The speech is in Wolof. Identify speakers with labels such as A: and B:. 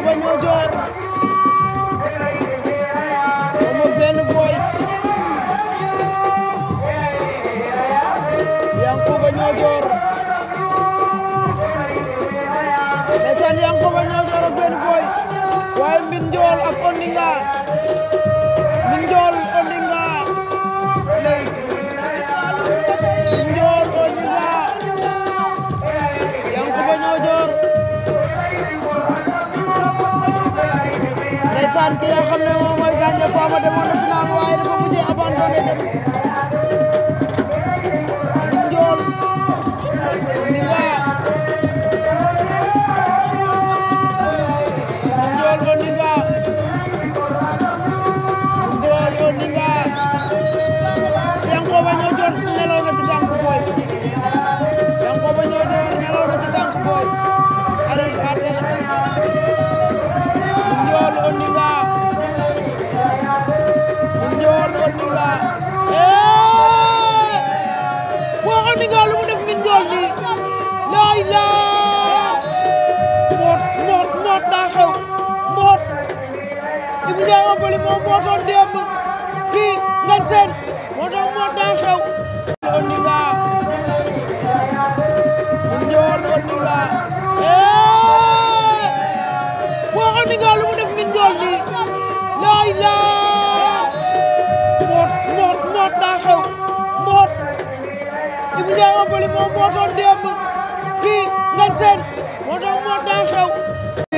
A: booba ñoo joor ama benn booy Yankuba ñoo joor ndeysaan Yankuba ñoo joor ak benn booy waaye mbin njool ak ondinga mbin njool ndeysaan ki nga xam ne moom mooy Gandia Fama demoon na final waaye dafa mujjee abandonné dem Njool Ningaa Njool ba Ningaa Njool ba Serigne Ndiaye Obali moom moo doon démb kii ngañ seen moo doon moo daa xew Ondinga mu ñëwoon Ondinga eh boo Ondinga lu mu def min ngool nii laay laa moot moot moot daa xew moot Serigne Ndiaye Obali moom moo doon démb kii ngañ seen moo doon moo daa xew